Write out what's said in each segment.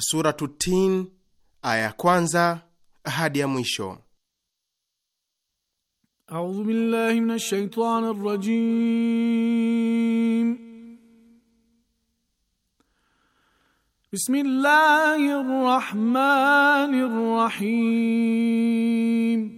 Suratu Tin aya ya kwanza hadi ya mwisho. Audhu billahi minash shaitani rajim. Bismillahir rahmanir rahim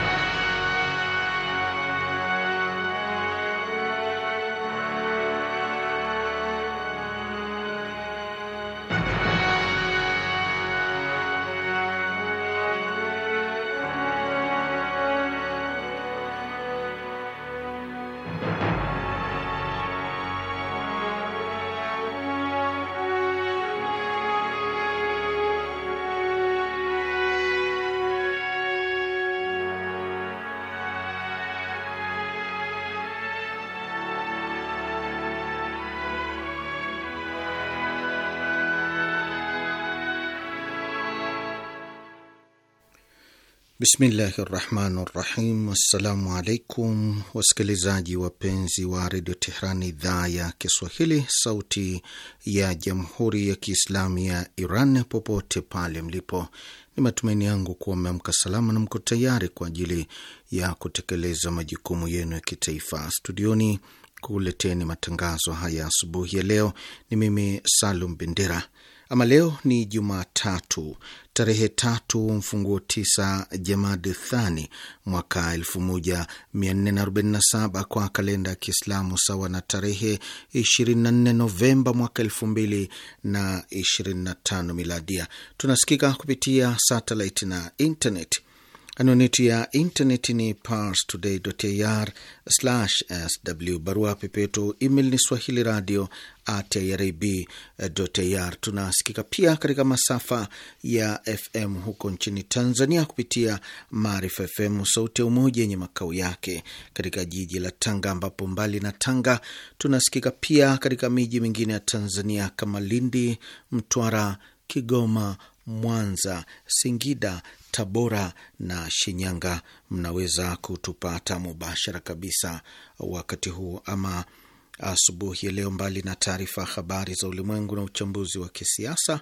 Bismillahi rahmani rahim. Assalamu alaikum wasikilizaji wapenzi wa redio Tehrani, idhaa ya Kiswahili, sauti ya jamhuri ya kiislamu ya Iran, popote pale mlipo. Ni matumaini yangu kuwa mmeamka salama na mko tayari kwa ajili ya kutekeleza majukumu yenu ya kitaifa. Studioni kuleteni matangazo haya asubuhi ya leo ni mimi Salum Bendera. Ama leo ni Jumatatu tarehe tatu mfunguo tisa Jamadi Thani mwaka 1447 kwa kalenda ya Kiislamu, sawa na tarehe 24 Novemba mwaka 2025 miladia. Tunasikika kupitia satelit na internet yetu ya intaneti ni parstoday.ir/sw. Barua pepeto email ni swahili radio at irib.ir. Tunasikika pia katika masafa ya FM huko nchini Tanzania kupitia Maarifa FM sauti ya Umoja yenye makao yake katika jiji la Tanga, ambapo mbali na Tanga tunasikika pia katika miji mingine ya Tanzania kama Lindi, Mtwara, Kigoma, Mwanza, Singida, Tabora na Shinyanga. Mnaweza kutupata mubashara kabisa wakati huu ama asubuhi ya leo. Mbali na taarifa habari za ulimwengu na uchambuzi wa kisiasa,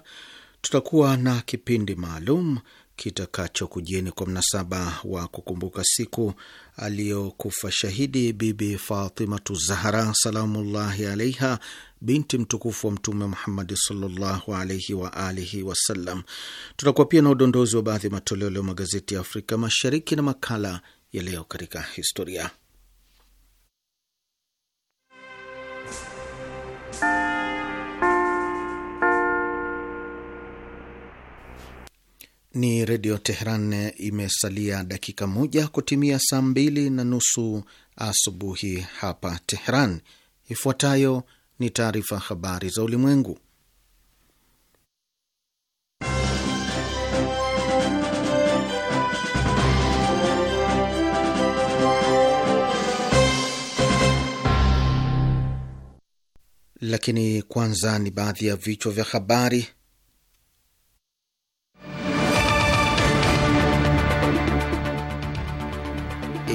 tutakuwa na kipindi maalum kitakacho kujieni kwa mnasaba wa kukumbuka siku aliyokufa shahidi Bibi Fatimatu Zahara salamullahi alaiha binti mtukufu wa Mtume Muhammadi sallallahu alaihi wa alihi wasallam. Tutakuwa pia na udondozi wa baadhi ya matoleo leo magazeti ya Afrika Mashariki na makala ya leo katika historia Ni Redio Teheran. Imesalia dakika moja kutimia saa mbili na nusu asubuhi hapa Teheran. Ifuatayo ni taarifa habari za ulimwengu, lakini kwanza ni baadhi ya vichwa vya habari.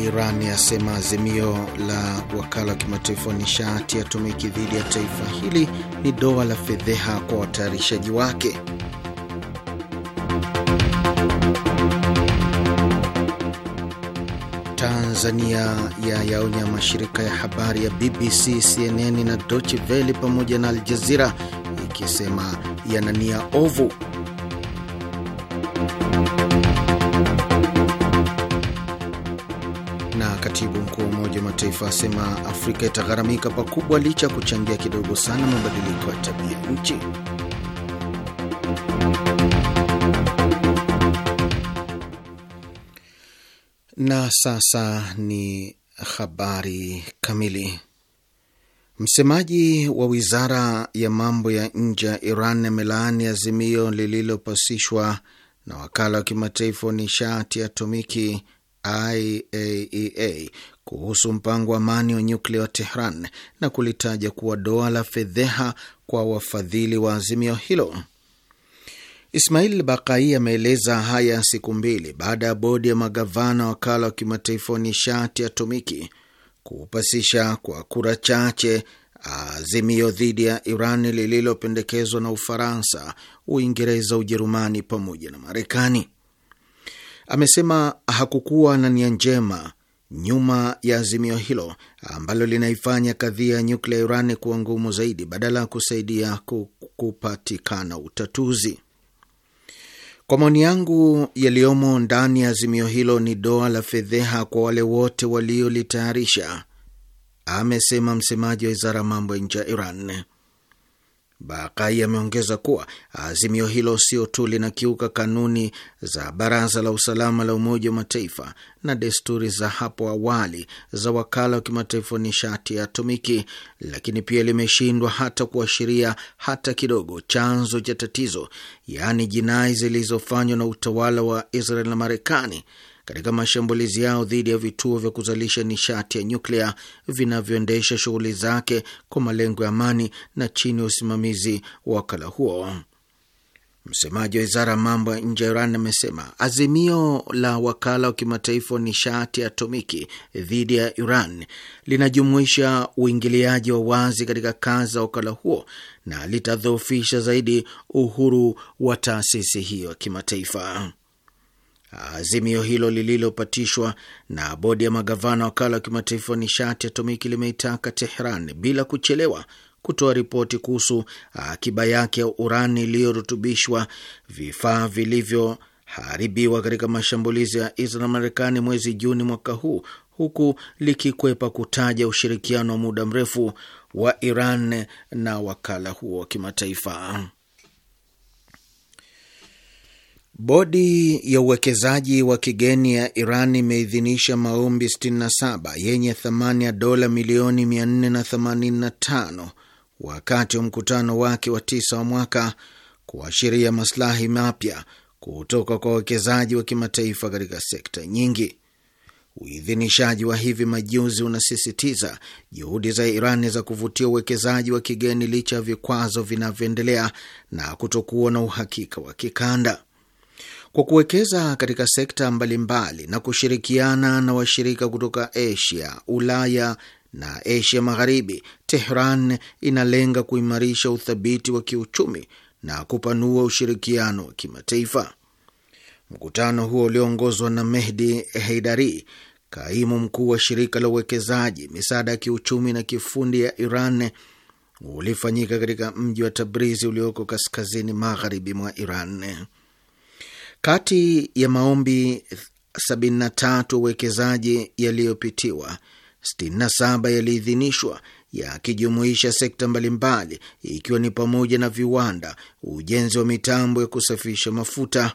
Iran yasema azimio la wakala wa kimataifa wa nishati atomiki dhidi ya taifa hili ni doa la fedheha kwa watayarishaji wake. Tanzania ya yaonya mashirika ya habari ya BBC, CNN na Deutsche Welle pamoja na Al ikisema yana nia ovu. Mataifa asema Afrika itagharamika pakubwa licha ya kuchangia kidogo sana mabadiliko ya tabia nchi. Na sasa ni habari kamili. Msemaji wa wizara ya mambo ya nje ya Iran amelaani azimio lililopasishwa na wakala wa kimataifa wa nishati atomiki IAEA e kuhusu mpango wa amani wa nyuklia wa Tehran na kulitaja kuwa doa la fedheha kwa wafadhili wa azimio hilo. Ismail Bakai ameeleza haya siku mbili baada ya bodi ya magavana wakala wa kimataifa wa nishati ya atomiki kuupasisha kwa kura chache azimio dhidi ya Iran lililopendekezwa na Ufaransa, Uingereza, Ujerumani pamoja na Marekani amesema hakukuwa na nia njema nyuma ya azimio hilo ambalo linaifanya kadhia ya nyuklia ya Iran kuwa ngumu zaidi badala ya kusaidia kupatikana utatuzi. Kwa maoni yangu, yaliyomo ndani ya azimio hilo ni doa la fedheha kwa wale wote waliolitayarisha, amesema msemaji wa wizara ya mambo ya nje ya Iran. Bakai ameongeza kuwa azimio hilo sio tu linakiuka kanuni za Baraza la Usalama la Umoja wa Mataifa na desturi za hapo awali za Wakala wa Kimataifa wa Nishati ya Atomiki, lakini pia limeshindwa hata kuashiria hata kidogo chanzo cha tatizo, yaani jinai zilizofanywa na utawala wa Israel na Marekani katika mashambulizi yao dhidi ya vituo vya kuzalisha nishati ya nyuklia vinavyoendesha shughuli zake kwa malengo ya amani na chini ya usimamizi wa wakala huo. Msemaji wa wizara ya mambo ya nje ya Iran amesema azimio la wakala wa kimataifa wa nishati ya atomiki dhidi ya Iran linajumuisha uingiliaji wa wazi katika kazi za wakala huo na litadhoofisha zaidi uhuru wa taasisi hiyo ya kimataifa. Azimio hilo lililopatishwa na bodi ya magavana wakala wa kimataifa wa nishati atomiki limeitaka Tehran bila kuchelewa kutoa ripoti kuhusu uh, akiba yake ya urani iliyorutubishwa, vifaa vilivyoharibiwa katika mashambulizi ya Israel na Marekani mwezi Juni mwaka huu, huku likikwepa kutaja ushirikiano wa muda mrefu wa Iran na wakala huo wa kimataifa. Bodi ya uwekezaji wa kigeni ya Iran imeidhinisha maombi 67 yenye thamani ya dola milioni 485 wakati wa mkutano wake wa tisa wa mwaka kuashiria maslahi mapya kutoka kwa wawekezaji wa kimataifa katika sekta nyingi. Uidhinishaji wa hivi majuzi unasisitiza juhudi za Iran za kuvutia uwekezaji wa kigeni licha ya vikwazo vinavyoendelea na kutokuwa na uhakika wa kikanda kwa kuwekeza katika sekta mbalimbali mbali na kushirikiana na washirika kutoka Asia, Ulaya na Asia Magharibi, Tehran inalenga kuimarisha uthabiti wa kiuchumi na kupanua ushirikiano wa kimataifa. Mkutano huo ulioongozwa na Mehdi Heidari, kaimu mkuu wa shirika la uwekezaji, misaada ya kiuchumi na kifundi ya Iran, ulifanyika katika mji wa Tabrizi ulioko kaskazini magharibi mwa Iran. Kati ya maombi 73 uwekezaji yaliyopitiwa, 67 yaliidhinishwa yakijumuisha sekta mbalimbali ikiwa ni pamoja na viwanda, ujenzi wa mitambo ya kusafisha mafuta,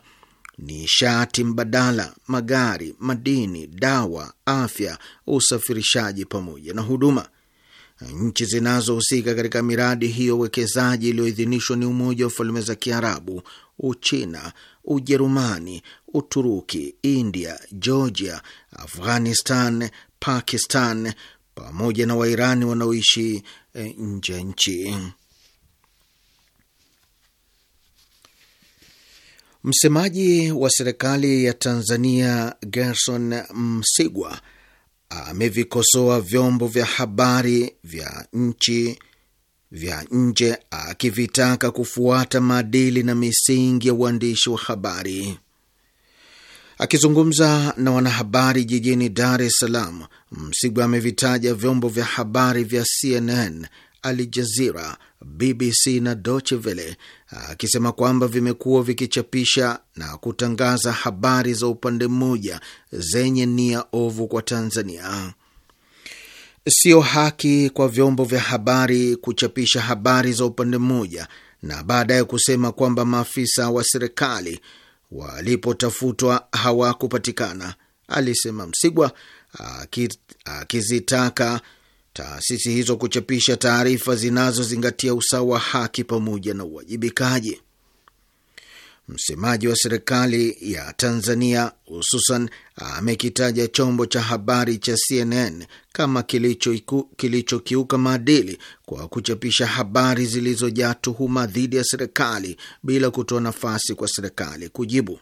nishati mbadala, magari, madini, dawa, afya, usafirishaji pamoja na huduma. Nchi zinazohusika katika miradi hiyo uwekezaji iliyoidhinishwa ni Umoja wa Falme za Kiarabu, Uchina, Ujerumani, Uturuki, India, Georgia, Afghanistan, Pakistan pamoja na Wairani wanaoishi eh, nje ya nchi. Msemaji wa serikali ya Tanzania Gerson Msigwa amevikosoa vyombo vya habari vya nchi vya nje akivitaka kufuata maadili na misingi ya uandishi wa habari. Akizungumza na wanahabari jijini Dar es Salaam, Msigwa amevitaja vyombo vya habari vya CNN, Al Jazeera, BBC na Deutsche Welle akisema kwamba vimekuwa vikichapisha na kutangaza habari za upande mmoja zenye nia ovu kwa Tanzania. Sio haki kwa vyombo vya habari kuchapisha habari za upande mmoja na baadaye kusema kwamba maafisa wa serikali walipotafutwa hawakupatikana, alisema Msigwa, akizitaka taasisi hizo kuchapisha taarifa zinazozingatia usawa, haki pamoja na uwajibikaji. Msemaji wa serikali ya Tanzania hususan amekitaja chombo cha habari cha CNN kama kilichokiuka kilicho maadili kwa kuchapisha habari zilizojaa tuhuma dhidi ya serikali bila kutoa nafasi kwa serikali kujibu.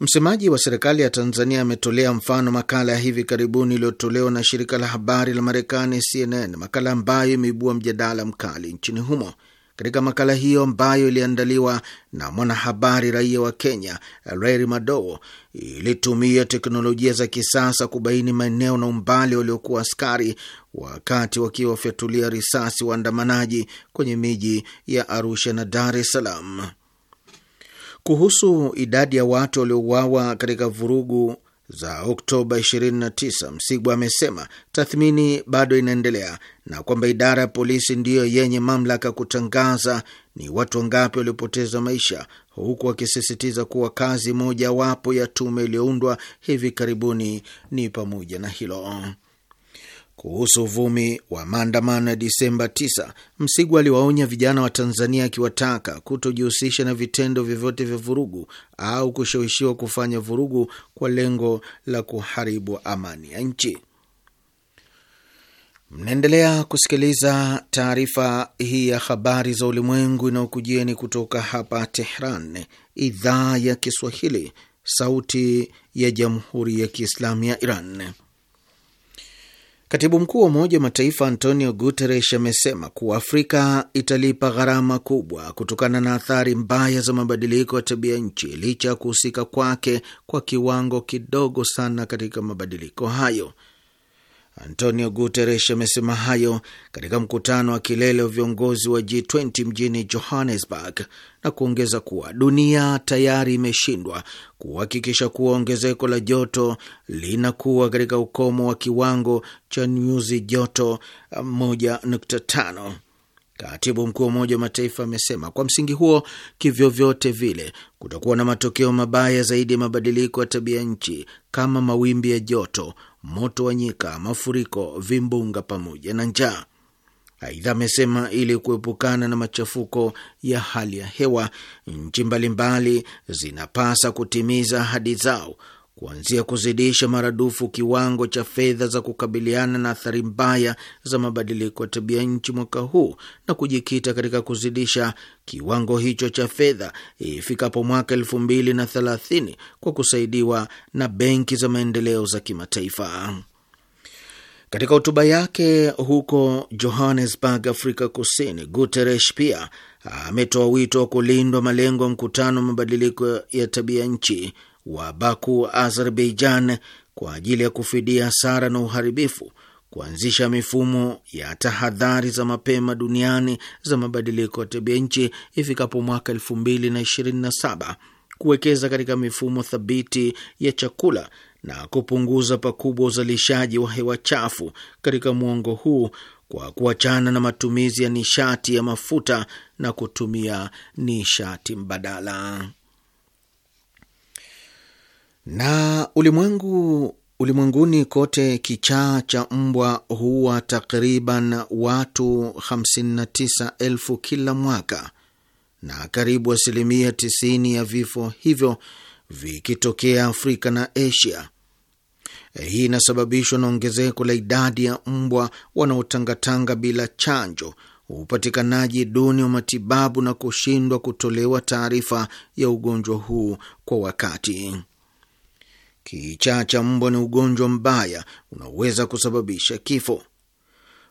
Msemaji wa serikali ya Tanzania ametolea mfano makala ya hivi karibuni iliyotolewa na shirika la habari la Marekani CNN, makala ambayo imeibua mjadala mkali nchini humo. Katika makala hiyo ambayo iliandaliwa na mwanahabari raia wa Kenya Reri Madowo, ilitumia teknolojia za kisasa kubaini maeneo na umbali waliokuwa askari wakati wakiwafyatulia risasi waandamanaji kwenye miji ya Arusha na Dar es Salaam. Kuhusu idadi ya watu waliouawa katika vurugu za Oktoba 29, Msigwa amesema tathmini bado inaendelea na kwamba idara ya polisi ndiyo yenye mamlaka kutangaza ni watu wangapi waliopoteza maisha, huku akisisitiza kuwa kazi mojawapo ya tume iliyoundwa hivi karibuni ni pamoja na hilo. Kuhusu uvumi wa maandamano ya Disemba 9, Msigwa aliwaonya vijana wa Tanzania akiwataka kutojihusisha na vitendo vyovyote vya vurugu au kushawishiwa kufanya vurugu kwa lengo la kuharibu amani ya nchi. Mnaendelea kusikiliza taarifa hii ya habari za ulimwengu inayokujieni kutoka hapa Tehran, idhaa ya Kiswahili, sauti ya jamhuri ya kiislamu ya Iran. Katibu mkuu wa Umoja wa Mataifa Antonio Guterres amesema kuwa Afrika italipa gharama kubwa kutokana na athari mbaya za mabadiliko ya tabia nchi licha ya kuhusika kwake kwa kiwango kidogo sana katika mabadiliko hayo. Antonio Guterres amesema hayo katika mkutano wa kilele wa viongozi wa G20 mjini Johannesburg na kuongeza kuwa dunia tayari imeshindwa kuhakikisha kuwa ongezeko la joto linakuwa katika ukomo wa kiwango cha nyuzi joto 1.5. Katibu mkuu wa Umoja wa Mataifa amesema kwa msingi huo, kivyovyote vile kutakuwa na matokeo mabaya zaidi ya mabadiliko ya tabia nchi kama mawimbi ya joto moto wa nyika, mafuriko, vimbunga pamoja na njaa. Aidha, amesema ili kuepukana na machafuko ya hali ya hewa, nchi mbalimbali zinapasa kutimiza ahadi zao kuanzia kuzidisha maradufu kiwango cha fedha za kukabiliana na athari mbaya za mabadiliko ya tabia nchi mwaka huu na kujikita katika kuzidisha kiwango hicho cha fedha ifikapo mwaka elfu mbili na thelathini kwa kusaidiwa na benki za maendeleo za kimataifa. Katika hotuba yake huko Johannesburg, Afrika Kusini, Guterres pia ametoa wito wa kulindwa malengo ya mkutano wa mabadiliko ya tabia nchi wa Baku, Azerbaijan, kwa ajili ya kufidia hasara na uharibifu, kuanzisha mifumo ya tahadhari za mapema duniani za mabadiliko ya tabia nchi ifikapo mwaka saba kuwekeza katika mifumo thabiti ya chakula na kupunguza pakubwa uzalishaji wa hewa chafu katika mwongo huu kwa kuachana na matumizi ya nishati ya mafuta na kutumia nishati mbadala. Na ulimwengu ulimwenguni kote kichaa cha mbwa huwa takriban watu 59,000 kila mwaka, na karibu asilimia 90 ya vifo hivyo vikitokea Afrika na Asia. Hii inasababishwa na ongezeko la idadi ya mbwa wanaotangatanga bila chanjo, upatikanaji duni wa matibabu na kushindwa kutolewa taarifa ya ugonjwa huu kwa wakati. Kichaa cha mbwa ni ugonjwa mbaya unaoweza kusababisha kifo.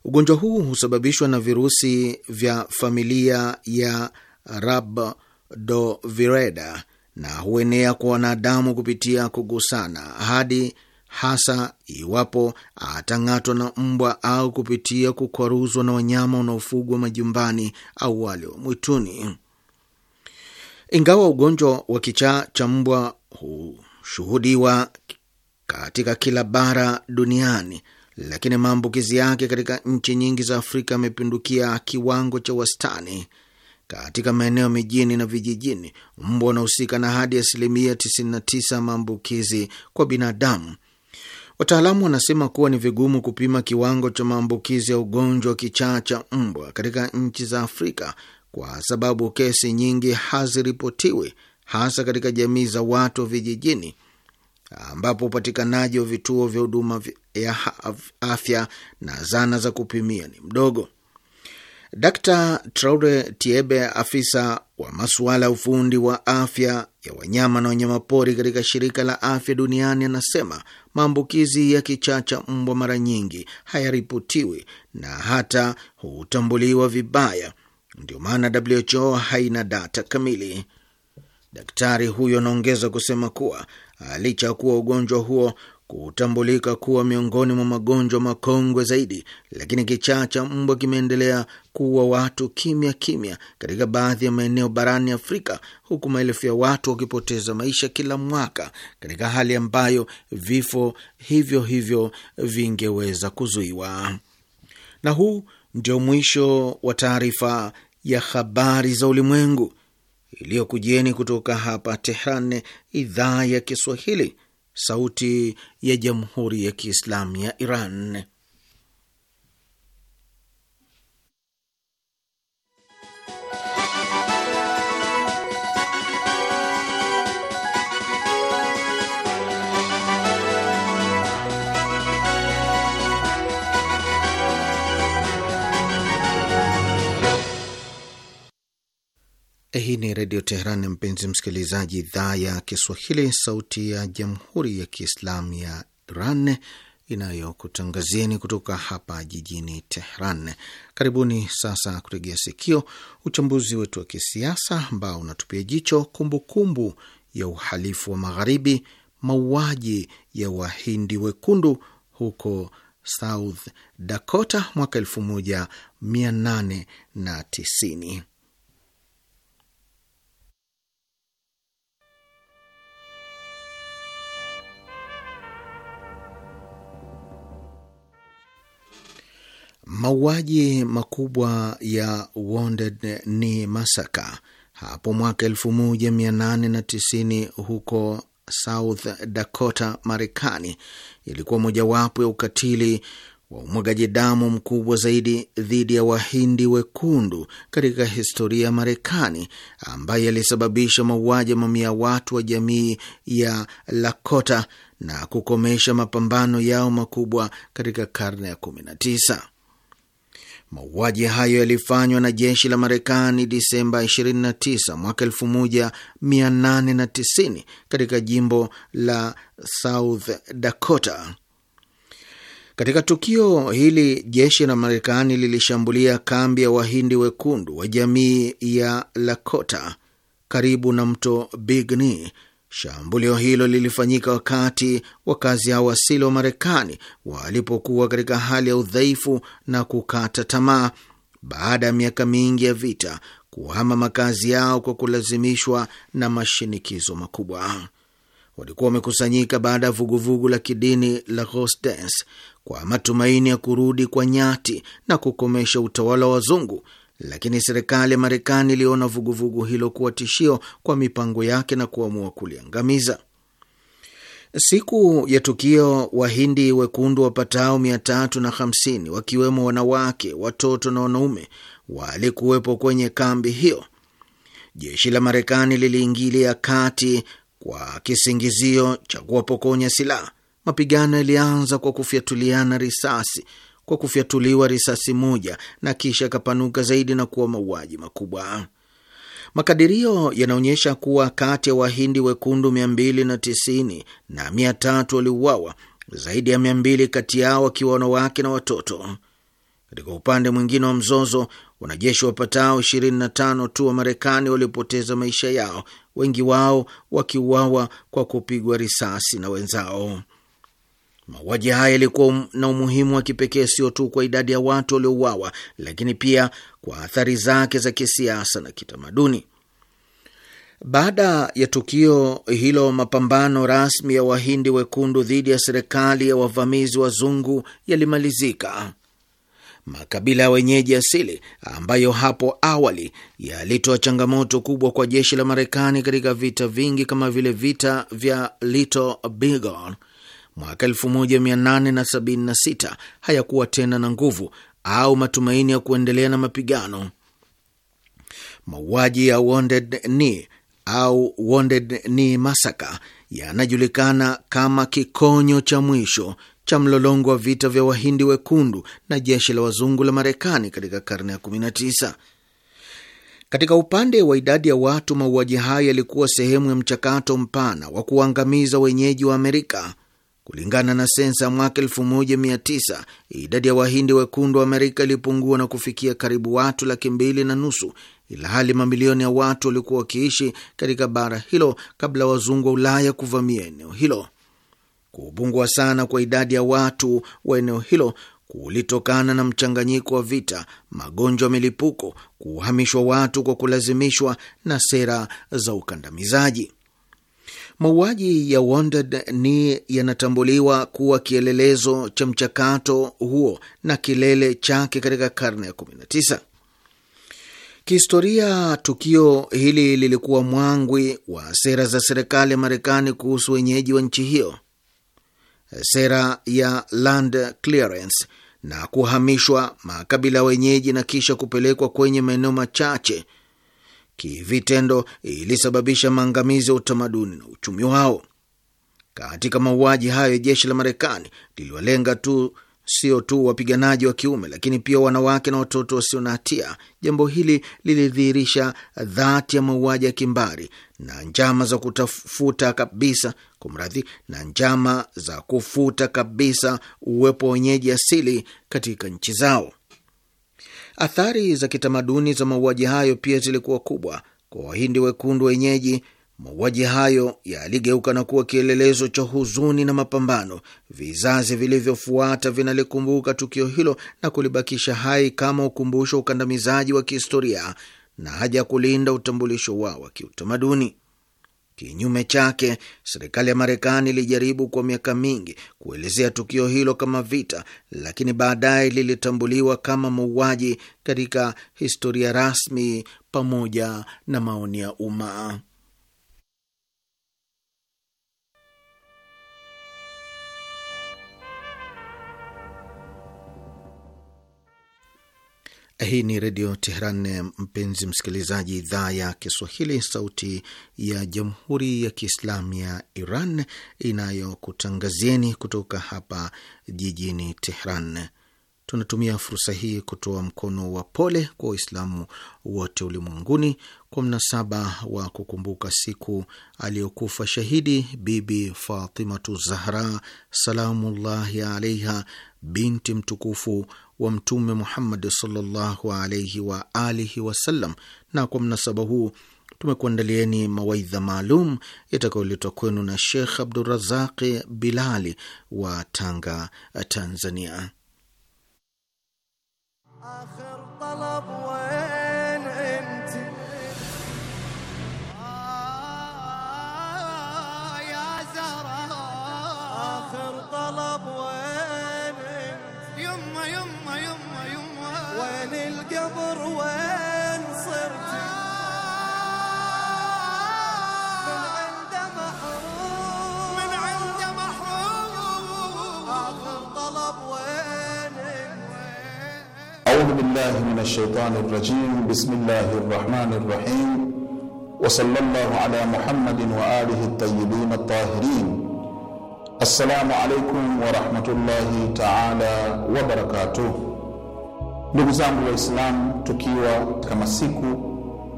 Ugonjwa huu husababishwa na virusi vya familia ya Rabdovireda na huenea kwa wanadamu kupitia kugusana hadi hasa iwapo atang'atwa na mbwa au kupitia kukwaruzwa na wanyama wanaofugwa majumbani au wale wa mwituni. Ingawa ugonjwa wa kichaa cha mbwa huu hushuhudiwa katika kila bara duniani, lakini maambukizi yake katika nchi nyingi za Afrika yamepindukia kiwango cha wastani. Katika maeneo mijini na vijijini, mbwa wanahusika na hadi asilimia 99 maambukizi kwa binadamu. Wataalamu wanasema kuwa ni vigumu kupima kiwango cha maambukizi ya ugonjwa wa kichaa cha mbwa katika nchi za Afrika kwa sababu kesi nyingi haziripotiwi hasa katika jamii za watu wa vijijini ambapo upatikanaji wa vituo vya huduma ya afya na zana za kupimia ni mdogo. d traure Tiebe, afisa wa masuala ya ufundi wa afya ya wanyama na wanyamapori katika shirika la afya duniani, anasema maambukizi ya kichaa cha mbwa mara nyingi hayaripotiwi na hata hutambuliwa vibaya, ndio maana WHO haina data kamili. Daktari huyo anaongeza kusema kuwa licha ya kuwa ugonjwa huo kutambulika kuwa miongoni mwa magonjwa makongwe zaidi, lakini kichaa cha mbwa kimeendelea kuua watu kimya kimya katika baadhi ya maeneo barani Afrika, huku maelfu ya watu wakipoteza maisha kila mwaka katika hali ambayo vifo hivyo hivyo vingeweza kuzuiwa. Na huu ndio mwisho wa taarifa ya habari za ulimwengu iliyokujieni kutoka hapa Tehran, idhaa ya Kiswahili, sauti ya jamhuri ya kiislamu ya Iran. Hii ni Redio Teheran, mpenzi msikilizaji, idhaa ya Kiswahili, sauti ya jamhuri ya Kiislamu ya Iran inayokutangazieni kutoka hapa jijini Tehran. Karibuni sasa kutegea sikio uchambuzi wetu wa kisiasa ambao unatupia jicho kumbukumbu kumbu ya uhalifu wa Magharibi, mauaji ya wahindi wekundu huko South Dakota mwaka 1890. Mauaji makubwa ya Wounded Knee Massacre hapo mwaka 1890 huko South Dakota, Marekani, ilikuwa mojawapo ya ukatili wa umwagaji damu mkubwa zaidi dhidi ya Wahindi wekundu katika historia ya Marekani, ambaye yalisababisha mauaji ya mamia watu wa jamii ya Lakota na kukomesha mapambano yao makubwa katika karne ya 19. Mauaji hayo yalifanywa na jeshi la Marekani Disemba 29 mwaka 1890 katika jimbo la South Dakota. Katika tukio hili jeshi la Marekani lilishambulia kambi ya Wahindi wekundu wa jamii ya Lakota karibu na mto Big Knee Shambulio hilo lilifanyika wakati wakazi hao asili wa Marekani walipokuwa katika hali ya udhaifu na kukata tamaa baada ya miaka mingi ya vita kuhama makazi yao kwa kulazimishwa na mashinikizo makubwa. Walikuwa wamekusanyika baada ya vuguvugu la kidini la Ghost Dance kwa matumaini ya kurudi kwa nyati na kukomesha utawala wa wazungu lakini serikali ya Marekani iliona vuguvugu hilo kuwa tishio kwa mipango yake na kuamua kuliangamiza. Siku ya tukio, Wahindi wekundu wapatao mia tatu na hamsini wakiwemo wanawake, watoto na wanaume walikuwepo kwenye kambi hiyo. Jeshi la Marekani liliingilia kati kwa kisingizio cha kuwapokonya silaha. Mapigano yalianza kwa kufyatuliana risasi kwa kufyatuliwa risasi moja na kisha akapanuka zaidi na kuwa mauaji makubwa. Makadirio yanaonyesha kuwa kati ya Wahindi wekundu 290 na 300 waliuawa, zaidi ya 200 kati yao wakiwa wanawake na watoto. Katika upande mwingine wa mzozo, wanajeshi wapatao 25 tu wa Marekani waliopoteza maisha yao, wengi wao wakiuawa kwa kupigwa risasi na wenzao. Mauaji haya yalikuwa um, na umuhimu wa kipekee sio tu kwa idadi ya watu waliouawa, lakini pia kwa athari zake za kisiasa na kitamaduni. Baada ya tukio hilo, mapambano rasmi ya Wahindi wekundu dhidi ya serikali ya wavamizi wazungu yalimalizika. Makabila ya wenyeji asili ambayo hapo awali yalitoa changamoto kubwa kwa jeshi la Marekani katika vita vingi kama vile vita vya Little Bighorn mwaka 1876 hayakuwa tena na nguvu au matumaini ya kuendelea na mapigano. Mauaji ya Wounded Knee au Wounded Knee Massacre yanajulikana kama kikonyo cha mwisho cha mlolongo wa vita vya Wahindi wekundu na jeshi la wazungu la Marekani katika karne ya 19. Katika upande wa idadi ya watu, mauaji haya yalikuwa sehemu ya mchakato mpana wa kuangamiza wenyeji wa Amerika. Kulingana na sensa mwaka 1900 idadi ya wahindi wekundu wa Amerika ilipungua na kufikia karibu watu laki mbili na nusu, ila hali mamilioni ya watu walikuwa wakiishi katika bara hilo kabla wazungu wa Ulaya kuvamia eneo hilo. Kupungua sana kwa idadi ya watu wa eneo hilo kulitokana na mchanganyiko wa vita, magonjwa milipuko, kuhamishwa watu kwa kulazimishwa na sera za ukandamizaji. Mauaji ya Wounded Knee yanatambuliwa kuwa kielelezo cha mchakato huo na kilele chake katika karne ya 19. Kihistoria, tukio hili lilikuwa mwangwi wa sera za serikali ya Marekani kuhusu wenyeji wa nchi hiyo, sera ya land clearance na kuhamishwa makabila ya wenyeji na kisha kupelekwa kwenye maeneo machache kivitendo ilisababisha maangamizi ya utamaduni na uchumi wao. Katika mauaji hayo, jeshi la Marekani liliwalenga tu sio tu wapiganaji wa kiume, lakini pia wanawake na watoto wasio na hatia. Jambo hili lilidhihirisha dhati ya mauaji ya kimbari na njama za kutafuta kabisa, kumradhi, na njama za kufuta kabisa uwepo wa wenyeji asili katika nchi zao. Athari za kitamaduni za mauaji hayo pia zilikuwa kubwa kwa Wahindi wekundu wenyeji. Mauaji hayo yaligeuka na kuwa kielelezo cha huzuni na mapambano. Vizazi vilivyofuata vinalikumbuka tukio hilo na kulibakisha hai kama ukumbusho wa ukandamizaji wa kihistoria na haja ya kulinda utambulisho wao wa kiutamaduni. Kinyume chake, serikali ya Marekani ilijaribu kwa miaka mingi kuelezea tukio hilo kama vita, lakini baadaye lilitambuliwa kama mauaji katika historia rasmi pamoja na maoni ya umma. Hii ni Redio Teheran, mpenzi msikilizaji, idhaa ya Kiswahili, sauti ya Jamhuri ya Kiislamu ya Iran inayokutangazieni kutoka hapa jijini Teheran. Tunatumia fursa hii kutoa mkono wa pole kwa Waislamu wote ulimwenguni kwa mnasaba wa kukumbuka siku aliyokufa shahidi Bibi Fatimatu Zahra salamullahi alaiha, binti mtukufu wa Mtume Muhammad sallallahu alaihi wa alihi wasallam. Na kwa mnasaba huu tumekuandalieni mawaidha maalum yatakayoletwa kwenu na Shekh Abdurazaqi Bilali wa Tanga, Tanzania. Akhir talab بالله من الشيطان الرجيم بسم الله الرحمن الرحيم وصلى الله على محمد وآله الطيبين الطاهرين السلام عليكم ورحمة الله تعالى وبركاته ndugu zangu waislamu tukiwa kama siku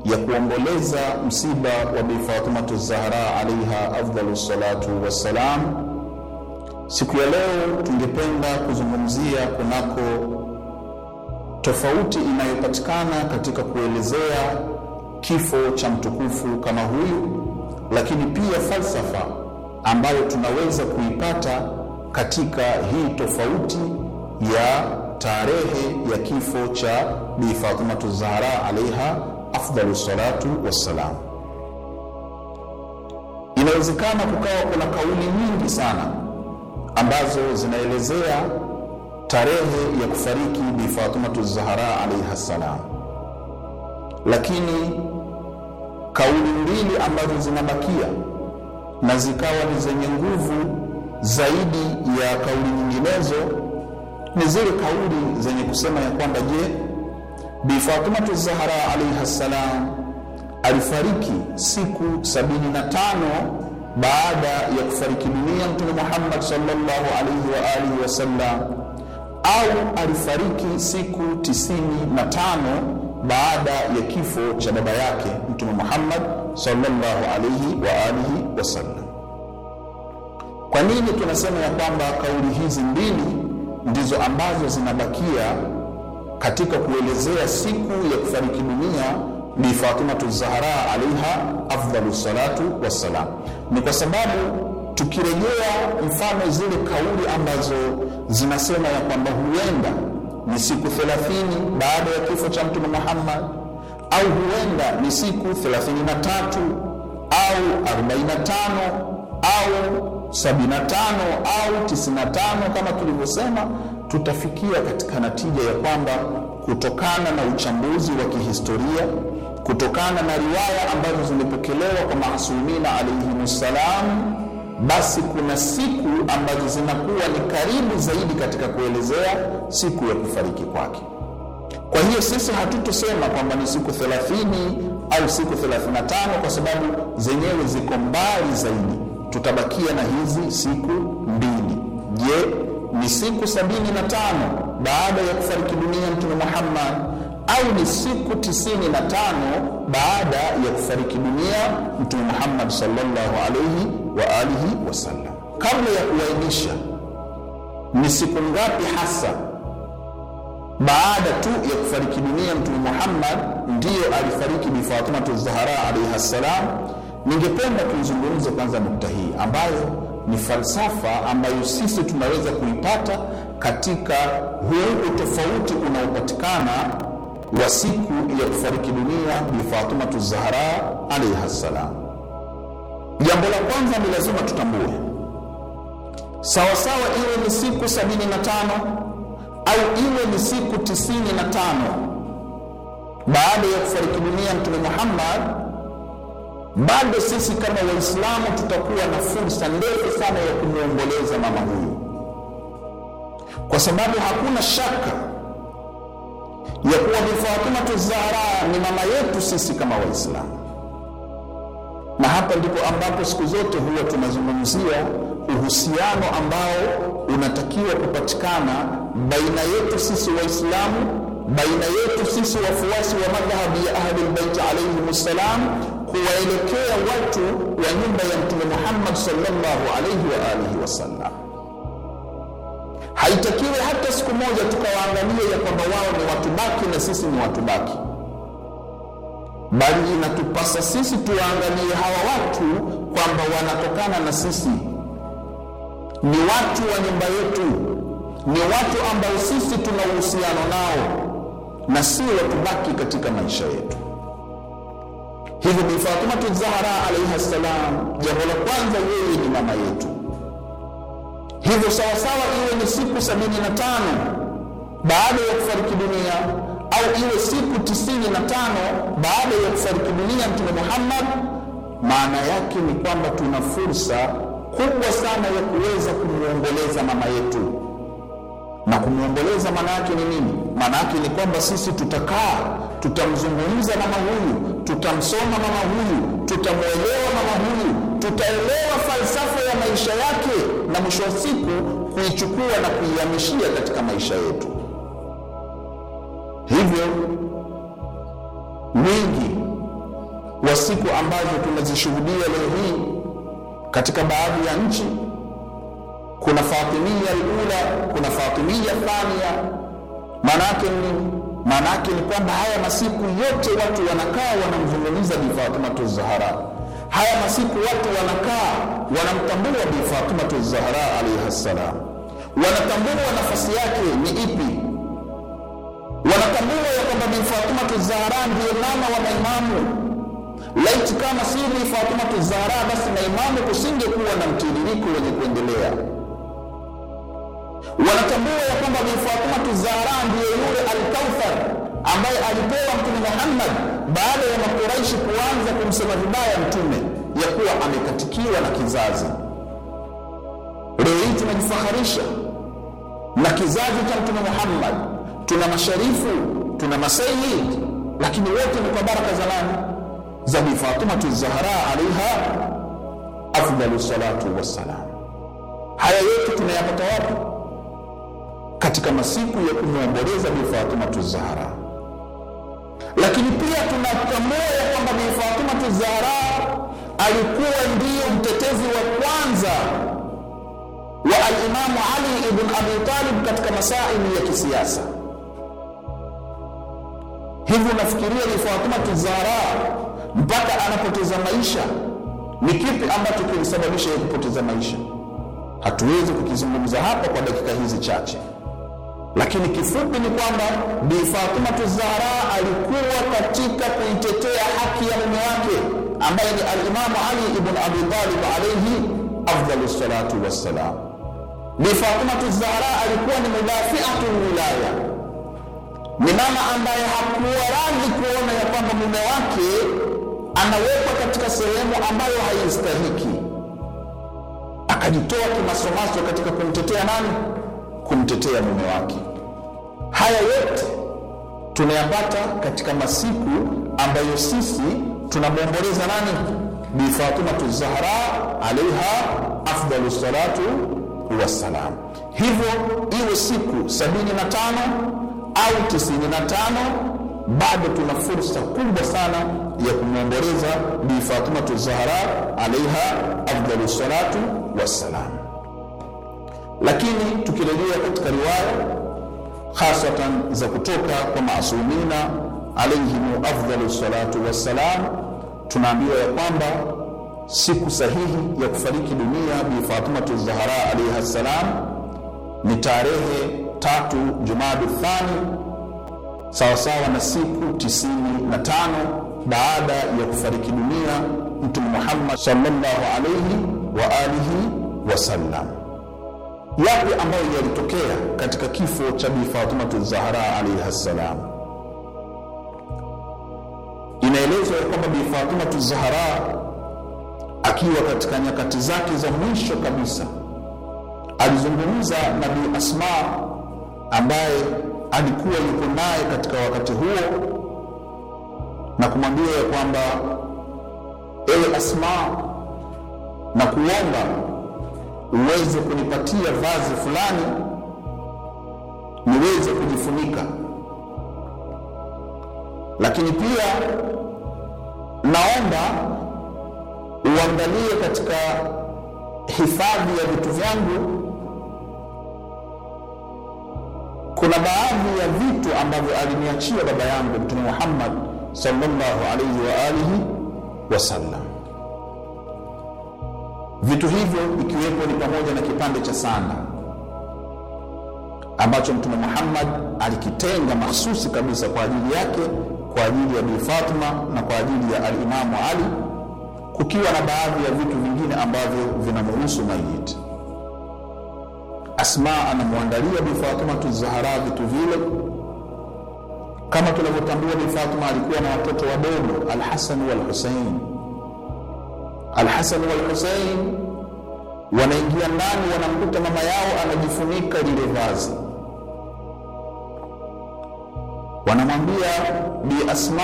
ya kuomboleza msiba wa bi fatimatu zahra alaiha afdalu salatu wassalam siku ya leo tungependa kuzungumzia kunako tofauti inayopatikana katika kuelezea kifo cha mtukufu kama huyu, lakini pia falsafa ambayo tunaweza kuipata katika hii tofauti ya tarehe ya kifo cha Bi Fatimatu Zahra alaiha afdalu salatu wassalam. Inawezekana kukawa kuna kauli nyingi sana ambazo zinaelezea tarehe ya kufariki Bi Fatimatu Zahra alayha salam, lakini kauli mbili ambazo zinabakia na zikawa ni zenye nguvu zaidi ya kauli nyinginezo ni zile kauli zenye kusema ya kwamba je, Bi Fatimatu Zahra alayha salam alifariki siku tano baada ya kufariki dunia Mtume Muhammad sallallahu alayhi wa alihi wasallam au alifariki siku tisini na tano baada ya kifo cha baba yake Mtume Muhammad sallallahu alayhi wa alihi wasallam. Kwa nini tunasema ya kwamba kauli hizi mbili ndizo ambazo zinabakia katika kuelezea siku ya kufariki dunia Bi Fatimatu Zahra alaiha afdalu salatu wassalam? Ni kwa sababu tukirejea mfano zile kauli ambazo zinasema ya kwamba huenda ni siku 30 baada ya kifo cha Mtume Muhammad au huenda ni siku 33 tatu au 45 au 75 au 95 kama tulivyosema, tutafikia katika natija ya kwamba kutokana na uchambuzi wa kihistoria kutokana na riwaya ambazo zimepokelewa kwa maasumina ssalam basi kuna siku ambazo zinakuwa ni karibu zaidi katika kuelezea siku ya kufariki kwake. Kwa hiyo sisi hatutosema kwamba ni siku 30 au siku 35 kwa sababu zenyewe ziko mbali zaidi, tutabakia na hizi siku mbili. Je, ni siku 75 baada ya kufariki dunia Mtume Muhammad au ni siku 95 baada ya kufariki dunia Mtume Muhammad sallallahu alayhi wa alihi wasallam. Kabla ya kuainisha ni siku ngapi hasa baada tu ya kufariki dunia Mtume Muhammad ndiyo alifariki Bi Fatimatu Zahra alayha salam, ningependa tuizungumze kwanza nukta hii ambayo ni falsafa ambayo sisi tunaweza kuipata katika huu utofauti unaopatikana wa siku ya kufariki dunia Bi Fatimatu Zahra alayha salam. Jambo la kwanza ni lazima tutambue, sawasawa iwe ni siku 75 au iwe ni siku 95 baada ya kufariki dunia Mtume Muhammad, bado sisi kama Waislamu tutakuwa na fursa ndefu sana ya kumwomboleza mama huyu, kwa sababu hakuna shaka ya kuwa Bi Fatimatu Zahra ni mama yetu sisi kama Waislamu, na hapa ndipo ambapo siku zote huwa tunazungumzia uhusiano ambao unatakiwa kupatikana baina yetu sisi Waislamu, baina yetu sisi wafuasi wa madhhabi ya Ahlul Bait alayhim ssalam, kuwaelekea watu wa nyumba ya Mtume Muhammad sallallahu alayhi wa alihi wasallam haitakiwi hata siku moja tukawaangalie ya kwamba wao ni watu baki na sisi ni watu baki, bali inatupasa sisi tuwaangalie hawa watu kwamba wanatokana na sisi, ni watu wa nyumba yetu, ni watu ambao sisi tuna uhusiano nao na sio watu baki katika maisha yetu. Hivi Bi Fatimatu alaihi alaiha ssalam, jambo la kwanza, yeye ni mama yetu hivyo sawasawa iwe ni siku sabini na tano baada ya kufariki dunia au iwe siku tisini na tano baada ya kufariki dunia Mtume Muhammad, maana yake ni kwamba tuna fursa kubwa sana ya kuweza kumwomboleza mama yetu. Na kumwomboleza maana yake ni nini? Maana yake ni kwamba sisi tutakaa, tutamzungumza mama huyu, tutamsoma mama huyu, tutamwelewa mama huyu tutaelewa falsafa ya maisha yake na mwisho wa siku kuichukua na kuihamishia katika maisha yetu. Hivyo wingi wa siku ambazo tunazishuhudia leo hii katika baadhi ya nchi, kuna Fatimia al-ula, kuna Fatimia thania. Maana ni nini? ni kwamba haya masiku yote watu wanakaa wanamzungumza Bi Fatima Haya masiku watu wanakaa wanamtambua Bi Fatimatu Zahra alayha salam wanatambua nafasi yake ni ipi, wanatambua ya kwamba Bi Fatimatu Zahra ndiyo mama wa maimamu. Laiti kama si Bi Fatimatu Zahra, basi maimamu kusingekuwa na mtiririko wenye kuendelea. Wanatambua ya kwamba Bi Fatimatu Zahra ndiyo yule Alkauthar ambaye alipewa Mtume Muhammad baada ya Makuraishi kuanza kumsema vibaya Mtume ya kuwa amekatikiwa na kizazi. Leo hii tunajifaharisha na kizazi cha Mtume Muhammad, tuna masharifu, tuna masayid, lakini wote ni kwa baraka za nani? Za Bi Fatimatu Zahra alaiha afdalu salatu wassalam. Haya yote tunayapata wapi? Katika masiku ya kumwomboleza Bi Fatimatu Zahra lakini pia tunatambua ya kwamba Bi Fatimatu Zahra alikuwa ndiyo mtetezi wa kwanza wa alimamu Ali ibn Abi Talib katika masaili ya kisiasa. Hivyo nafikiria Bi Fatimatu Zahra mpaka anapoteza maisha, ni kipi ambacho kilisababisha yeye kupoteza maisha? Hatuwezi kukizungumza hapa kwa dakika hizi chache lakini kifupi ni kwamba Bi Fatima Zahra alikuwa katika kuitetea haki ya mume wake ambaye ni alimamu Ali ibn Abi Talib alayhi afdalu salatu wassalam. Bi Fatima Zahra alikuwa ni mudafiatu wilaya, ni mama ambaye hakuwa radhi kuona ya kwamba mume wake anawekwa katika sehemu ambayo haistahiki, akajitoa kimasomaso katika kumtetea nani? Kumtetea mume wake. Haya yote tunayapata katika masiku ambayo sisi tunamwomboleza nani? Bi Fatima Zahra alaiha afdalu salatu wassalam. Hivyo iwe siku sabini na tano au tisini na tano bado tuna fursa kubwa sana ya kumwomboleza Bi Fatima Zahra alaiha afdalu salatu wassalam. Lakini tukirejea katika riwaya hasatan za kutoka kwa maasumina alayhimu afdalu salatu wassalam, tunaambiwa ya kwamba siku sahihi ya kufariki dunia Bi Fatimatu Zahra alayha salam ni tarehe tatu Jumada Thani, sawasawa na siku tisini na tano baada ya kufariki dunia Mtume Muhammad sallallahu alayhi wa alihi wasallam yapi ambayo yalitokea katika kifo cha Bi Fatimatu Zahra alaiha ssalam. Inaelezwa ya kwamba Bi Fatimatu Zahra akiwa katika nyakati zake za mwisho kabisa, alizungumza na Bi Asma ambaye alikuwa yuko naye katika wakati huo, na kumwambia ya kwamba ewe Asma, na kuomba uweze kunipatia vazi fulani niweze kujifunika, lakini pia naomba uangalie katika hifadhi ya vitu vyangu, kuna baadhi ya vitu ambavyo aliniachia baba yangu Mtume Muhammad sallallahu alaihi wa alihi wasallam Vitu hivyo ikiwepo ni pamoja na kipande cha sanda ambacho Mtume Muhammad alikitenga mahsusi kabisa kwa ajili yake, kwa ajili ya Bi Fatima na kwa ajili ya Alimamu Ali, kukiwa na baadhi ya vitu vingine ambavyo vinamhusu maiti. Asma anamwandalia Bi Fatimatu Zahara vitu vile. Kama tunavyotambua, Bi Fatima alikuwa na watoto wadogo Alhasani walhusein Alhasan wal wanaingia ndani, wanamkuta mama yao anajifunika lile vazi. Wanamwambia Bi Asma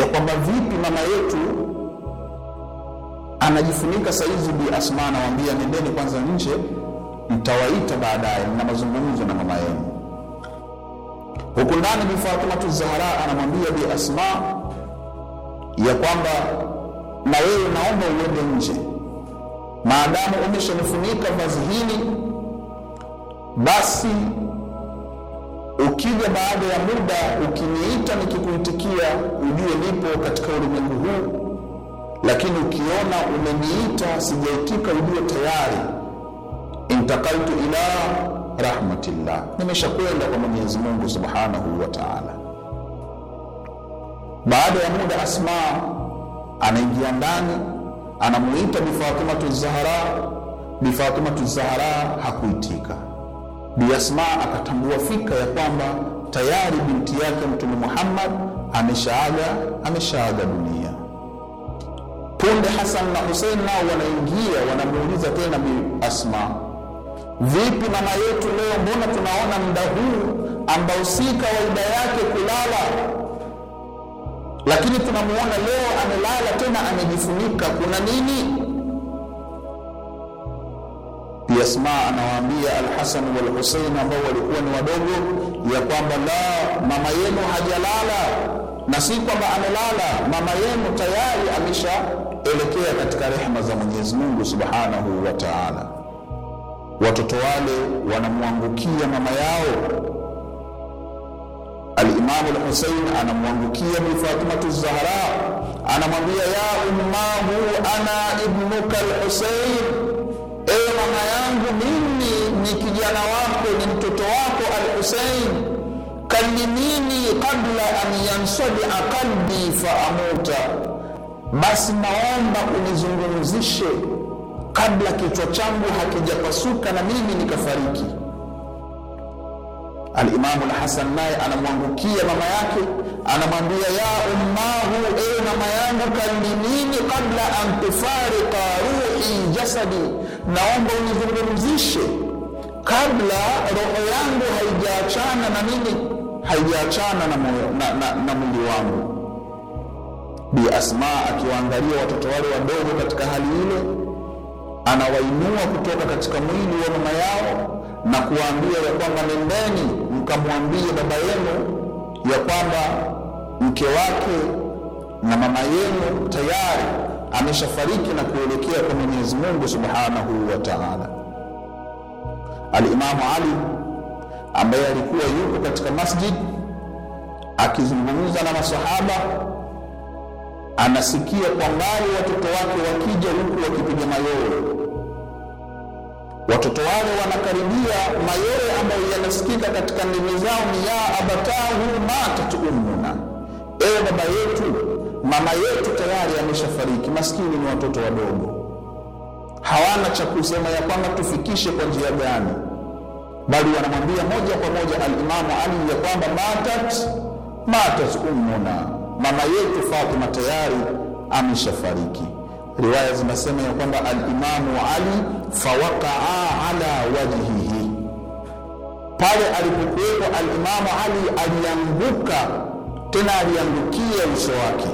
ya kwamba vipi mama yetu anajifunika saizi? Bi Asma anawaambia nendeni kwanza nje, mtawaita baadaye, mna mazungumzo na mama yenu. Huku ndani Bi Fatimatu Zahra anamwambia Bi Asma ya kwamba na wewe unaomba uende nje, maadamu umeshanifunika vazi hili, basi ukija baada ya muda ukiniita nikikuitikia, ujue nipo katika ulimwengu huu, lakini ukiona umeniita sijaitika, ujue tayari intakaltu ila rahmatillah, nimeshakwenda kwa Mwenyezi Mungu subhanahu wa taala. Baada ya muda Asmaa anaingia ndani, anamuita Bi Fatimatu Zahra. Bi Fatimatu Zahra hakuitika. Bi Asma akatambua fika ya kwamba tayari binti yake Mtume Muhammad ameshaaga ameshaaga dunia. Punde Hasan na Husein nao wanaingia, wanamuuliza tena Bi Asma, Vipi mama yetu leo, mbona tunaona muda huu ambao si kawaida yake kulala lakini tunamuona leo amelala tena amejifunika, kuna nini? Pia anawaambia Alhasan walhusein ambao walikuwa ni wadogo, ya kwamba la, mama yenu hajalala na si kwamba amelala, mama yenu tayari ameshaelekea katika rehema za Mwenyezi Mungu subhanahu wa taala. Watoto wale wanamwangukia mama yao Alimamu Alhusein anamwangukia Bi Fatimatu Zahra, anamwambia ya ummahu, ana ibnuka Alhusein, ewe mama yangu, mimi ni kijana wako, ni mtoto wako Alhusein kalimini qabla an yansadia qalbi fa amuta, basi naomba unizungumzishe kabla kichwa changu hakijapasuka na mimi nikafariki. Alimamu lhasan naye anamwangukia mama yake, anamwambia ya ummahu, ewe mama yangu, kallimini qabla an tufariqa ruhi jasadi, naomba unizungumzishe kabla roho yangu haijaachana na nini, haijaachana na mwili na, na, na wangu. Bi Asma akiwaangalia watoto wale wadogo katika hali ile, anawainua kutoka katika mwili wa mama yao na kuwaambia ya kwamba nendeni mkamwambie baba yenu ya kwamba mke wake na mama yenu tayari ameshafariki na kuelekea kwa Mwenyezi Mungu Subhanahu wa Ta'ala. Al-Imamu Ali ambaye alikuwa yuko katika masjid akizungumza na masahaba, anasikia kwa mbali watoto wake wakija huku wakipiga mayowe Watoto wale wanakaribia mayele ambayo yanasikika katika ndimi zao ni ya abatahu ummuna ewe baba yetu, mama yetu tayari ameshafariki. Maskini ni watoto wadogo, hawana cha kusema ya kwamba tufikishe kwa njia gani, bali wanamwambia moja kwa moja Alimamu Ali ya kwamba matat matat ummuna, mama yetu Fatima tayari ameshafariki. Riwaya zinasema ya kwamba Alimamu Ali fawaqaa ala wajhihi, pale alipokuwepo alimamu Ali alianguka, tena aliangukia uso wake.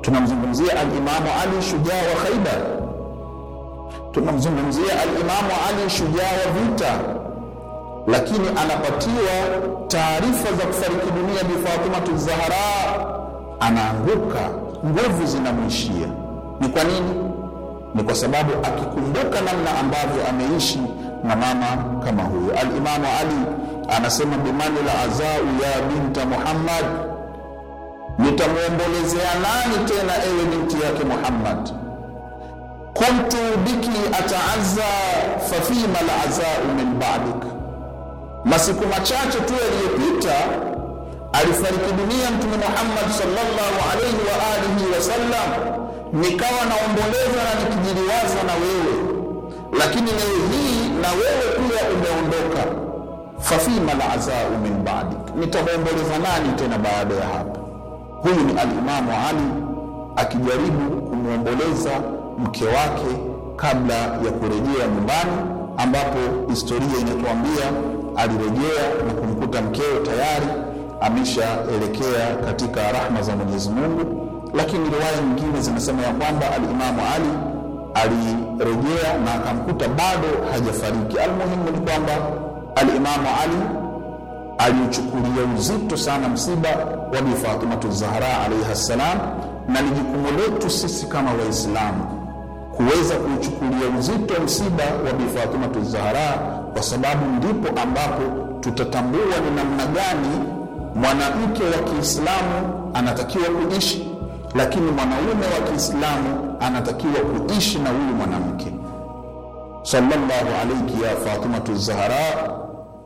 Tunamzungumzia alimamu Ali shujaa wa Khaiba, tunamzungumzia alimamu Ali shujaa wa vita lakini anapatiwa taarifa za kufariki dunia Bi Fatimatu Zahra, anaanguka, nguvu zinamwishia. Ni kwa nini? ni kwa sababu akikumbuka namna ambavyo ameishi na mama kama huyo. Alimamu Ali anasema bimani la azau ya binta Muhammad, nitamwombolezea nani tena ewe binti yake Muhammad? Kuntu biki ataazza fafima la azau min ba'dik, masiku machache tu yaliyopita alifariki dunia Mtume Muhammad sallallahu alayhi wa alihi wasallam nikawa naomboleza na nikijiliwaza na wewe, lakini leo hii na wewe pia umeondoka. Fafima la azau min baadik, nitaomboleza nani tena baada ya hapa Huyu ni Alimamu Ali akijaribu kumwomboleza mke wake kabla ya kurejea nyumbani, ambapo historia inatuambia alirejea na kumkuta mkeo tayari ameshaelekea katika rahma za Mwenyezi Mungu. Lakini riwaya nyingine zinasema ya kwamba alimamu Ali alirejea na akamkuta bado hajafariki. Almuhimu ni kwamba alimamu Ali aliuchukulia uzito sana msiba wa Bi Fatimatu Zahra alaiha ssalam, na ni jukumu letu sisi kama Waislamu kuweza kuuchukulia uzito msiba wa Bi Fatimatu Zahra, kwa sababu ndipo ambapo tutatambua ni namna gani mwanamke wa Kiislamu anatakiwa kuishi. lakini mwanaume wa Kiislamu anatakiwa kuishi na huyu mwanamke. Sallallahu alayki ya Fatimatu Zahra,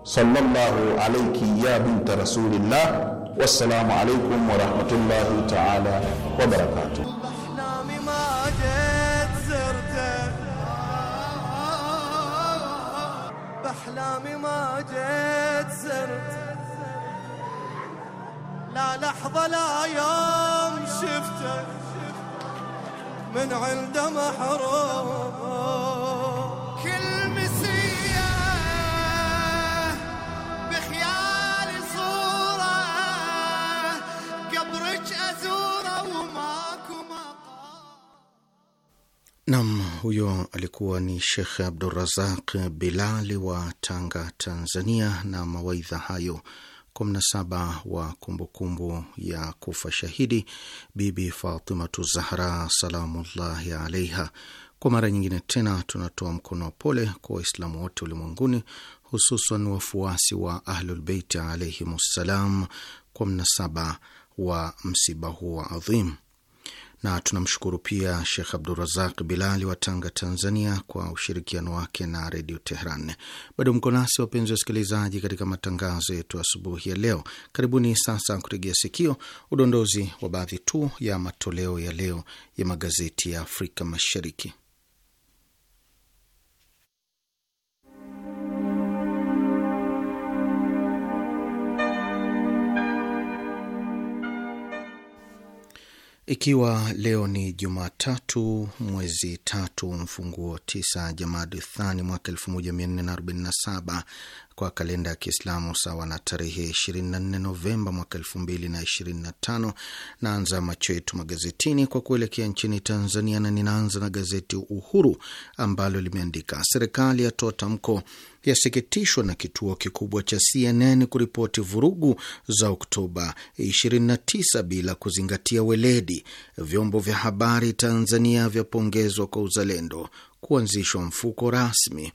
sallallahu alayki ya binta Rasulillah. Wassalamu alaykum wa rahmatullahi ta'ala wa barakatuh. بأحلامي ما جيت زرته لا لحظة لا يوم شفته من عنده محروم كل بخيالي صورة أزوره وماكو نعم huyo alikuwa ni Shekh Abdurazaq Bilali wa Tanga, Tanzania, na mawaidha hayo kwa mnasaba wa kumbukumbu kumbu ya kufa shahidi Bibi Fatimatu Zahra salamullahi alaiha. Kwa mara nyingine tena tunatoa mkono wa pole kwa Waislamu wote ulimwenguni, hususan wafuasi wa Ahlulbeiti alaihim ssalam kwa mnasaba wa msiba huo adhim na tunamshukuru pia Shekh Abdurazaq Bilali wa Tanga, Tanzania, kwa ushirikiano wake na Redio Tehran. Bado mko nasi wapenzi wa wasikilizaji, katika matangazo yetu asubuhi ya leo. Karibuni sasa kutegea sikio udondozi wa baadhi tu ya matoleo ya leo ya magazeti ya Afrika Mashariki. Ikiwa leo ni Jumatatu, mwezi tatu mfunguo tisa Jamadi Thani mwaka saba kwa kalenda ya Kiislamu, sawa na tarehe 24 Novemba mwaka tano. Naanza macho yetu magazetini kwa kuelekea nchini Tanzania, na ninaanza na gazeti Uhuru ambalo limeandika serikali yatoa tamko yasikitishwa na kituo kikubwa cha CNN kuripoti vurugu za Oktoba 29 bila kuzingatia weledi. Vyombo vya habari Tanzania vyapongezwa kwa uzalendo. Kuanzishwa mfuko rasmi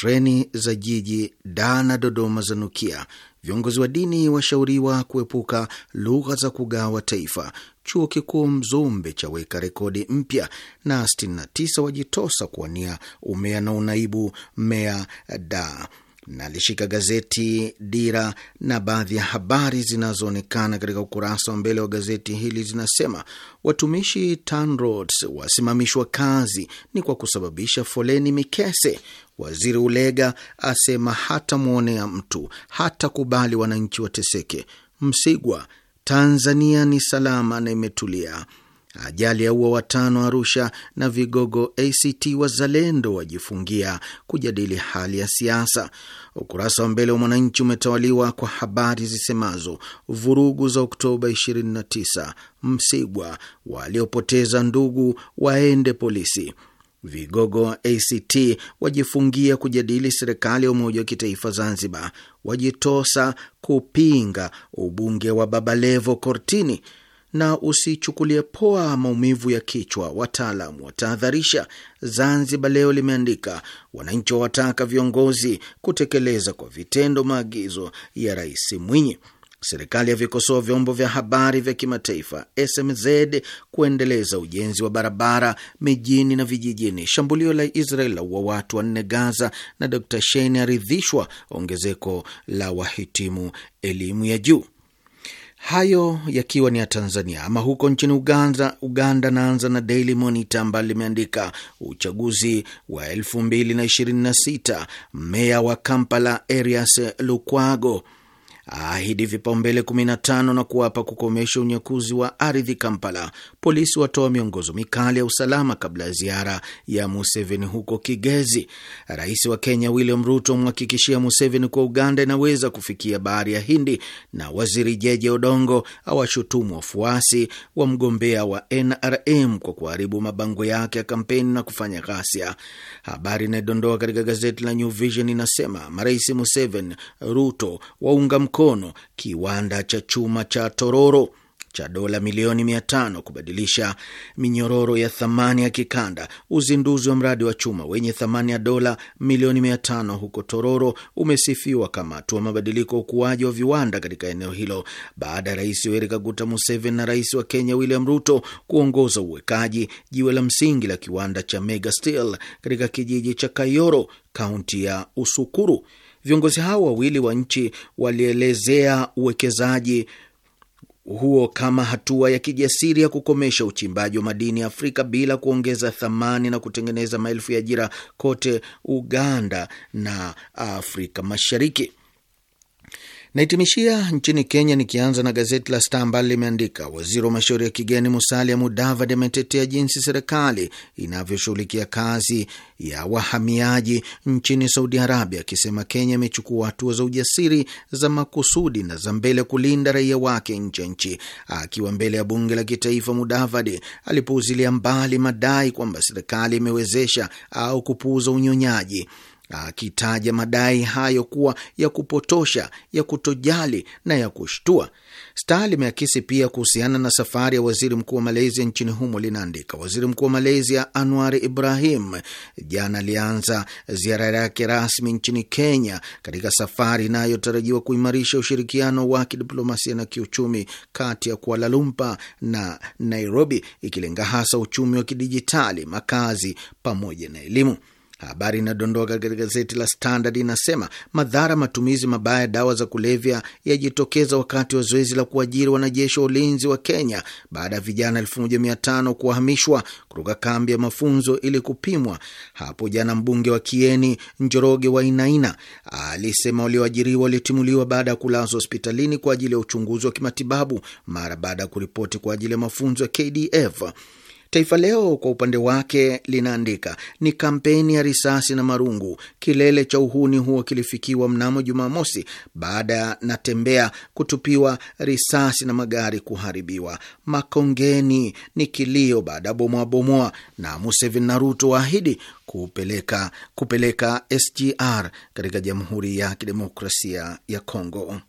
Treni za jiji Dar na Dodoma zanukia. Viongozi wa dini washauriwa kuepuka lugha za kugawa taifa. Chuo Kikuu Mzumbe chaweka rekodi mpya, na 69 wajitosa kuwania umea na unaibu mea da nalishika gazeti Dira na baadhi ya habari zinazoonekana katika ukurasa wa mbele wa gazeti hili zinasema watumishi TANROADS wasimamishwa kazi ni kwa kusababisha foleni Mikese. Waziri Ulega asema hatamwonea mtu, hatakubali wananchi wateseke. Msigwa: Tanzania ni salama na imetulia. Ajali ya ua watano Arusha na vigogo ACT Wazalendo wajifungia kujadili hali ya siasa. Ukurasa wa mbele wa Mwananchi umetawaliwa kwa habari zisemazo vurugu za Oktoba 29, Msigwa waliopoteza ndugu waende polisi, Vigogo wa ACT wajifungia kujadili serikali ya umoja wa kitaifa Zanzibar, wajitosa kupinga ubunge wa Babalevo kortini, na usichukulie poa maumivu ya kichwa, wataalamu watahadharisha. Zanzibar Leo limeandika wananchi wawataka viongozi kutekeleza kwa vitendo maagizo ya Rais Mwinyi serikali yavikosoa vyombo vya habari vya kimataifa SMZ kuendeleza ujenzi wa barabara mijini na vijijini. Shambulio la Israel laua watu wanne Gaza, na Dr Shein aridhishwa ongezeko la wahitimu elimu ya juu. Hayo yakiwa ni ya Tanzania. Ama huko nchini Uganda, Uganda naanza na Daily Monitor ambalo limeandika uchaguzi wa 226 mbili meya wa Kampala arias Lukwago aahidi vipaumbele 15 na kuwapa kukomesha unyakuzi wa ardhi Kampala. Polisi watoa miongozo mikali ya usalama kabla ya ziara ya Museveni huko Kigezi. Rais wa Kenya William Ruto amhakikishia Museveni kuwa Uganda inaweza kufikia bahari ya Hindi, na waziri Jeje Odongo awashutumu wafuasi wa mgombea wa NRM kwa kuharibu mabango yake ya kampeni na kufanya ghasia. Habari inayodondoa katika gazeti la New Vision inasema marais Museveni, Ruto waunga mkono mikono kiwanda cha chuma cha Tororo cha dola milioni mia tano kubadilisha minyororo ya thamani ya kikanda. Uzinduzi wa mradi wa chuma wenye thamani ya dola milioni mia tano huko Tororo umesifiwa kama hatua mabadiliko ya ukuaji wa viwanda katika eneo hilo baada ya Rais Yoweri Kaguta Museveni na rais wa Kenya William Ruto kuongoza uwekaji jiwe la msingi la kiwanda cha Mega Steel katika kijiji cha Kayoro, kaunti ya Usukuru Viongozi hao wawili wa nchi walielezea uwekezaji huo kama hatua ya kijasiri ya kukomesha uchimbaji wa madini ya Afrika bila kuongeza thamani na kutengeneza maelfu ya ajira kote Uganda na Afrika Mashariki. Naitimishia nchini Kenya, nikianza na gazeti la Star ambalo limeandika waziri wa mashauri ya kigeni Musalia Mudavadi ametetea jinsi serikali inavyoshughulikia kazi ya wahamiaji nchini Saudi Arabia, akisema Kenya imechukua hatua za ujasiri za makusudi na za mbele kulinda raia wake nje ya nchi. Akiwa mbele ya bunge la kitaifa, Mudavadi alipouzilia mbali madai kwamba serikali imewezesha au kupuuza unyonyaji akitaja madai hayo kuwa ya kupotosha, ya kutojali na ya kushtua. Star limeakisi pia kuhusiana na safari ya waziri mkuu wa Malaysia nchini humo, linaandika waziri mkuu wa Malaysia Anwar Ibrahim jana alianza ziara yake rasmi nchini Kenya, katika safari inayotarajiwa kuimarisha ushirikiano wa kidiplomasia na kiuchumi kati ya Kuala Lumpur na Nairobi, ikilenga hasa uchumi wa kidijitali, makazi pamoja na elimu. Habari inadondoka katika gazeti la Standard inasema madhara matumizi mabaya ya dawa za kulevya yajitokeza wakati wa zoezi la kuajiri wanajeshi wa ulinzi wa Kenya baada ya vijana tano kuwahamishwa kutoka kambi ya mafunzo ili kupimwa. Hapo jana mbunge wa Kieni Njoroge wa Inaina alisema walioajiriwa walitimuliwa baada ya kulazwa hospitalini kwa ajili ya uchunguzi wa kimatibabu mara baada ya kuripoti kwa ajili ya mafunzo ya KDF. Taifa Leo kwa upande wake linaandika ni kampeni ya risasi na marungu. Kilele cha uhuni huo kilifikiwa mnamo Jumamosi baada ya Natembea kutupiwa risasi na magari kuharibiwa. Makongeni ni kilio baada ya bomoabomoa, na Museveni na Ruto waahidi kupeleka, kupeleka SGR katika Jamhuri ya Kidemokrasia ya Kongo.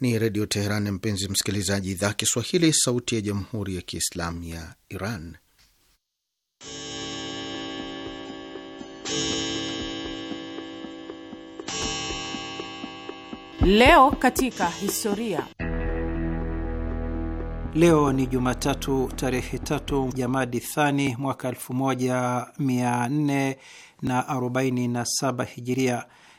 Ni Redio Teheran, mpenzi msikilizaji, idhaa Kiswahili, sauti ya jamhuri ya kiislamu ya Iran. Leo katika historia. Leo ni Jumatatu tarehe tatu Jamadi Thani mwaka 1447 Hijiria,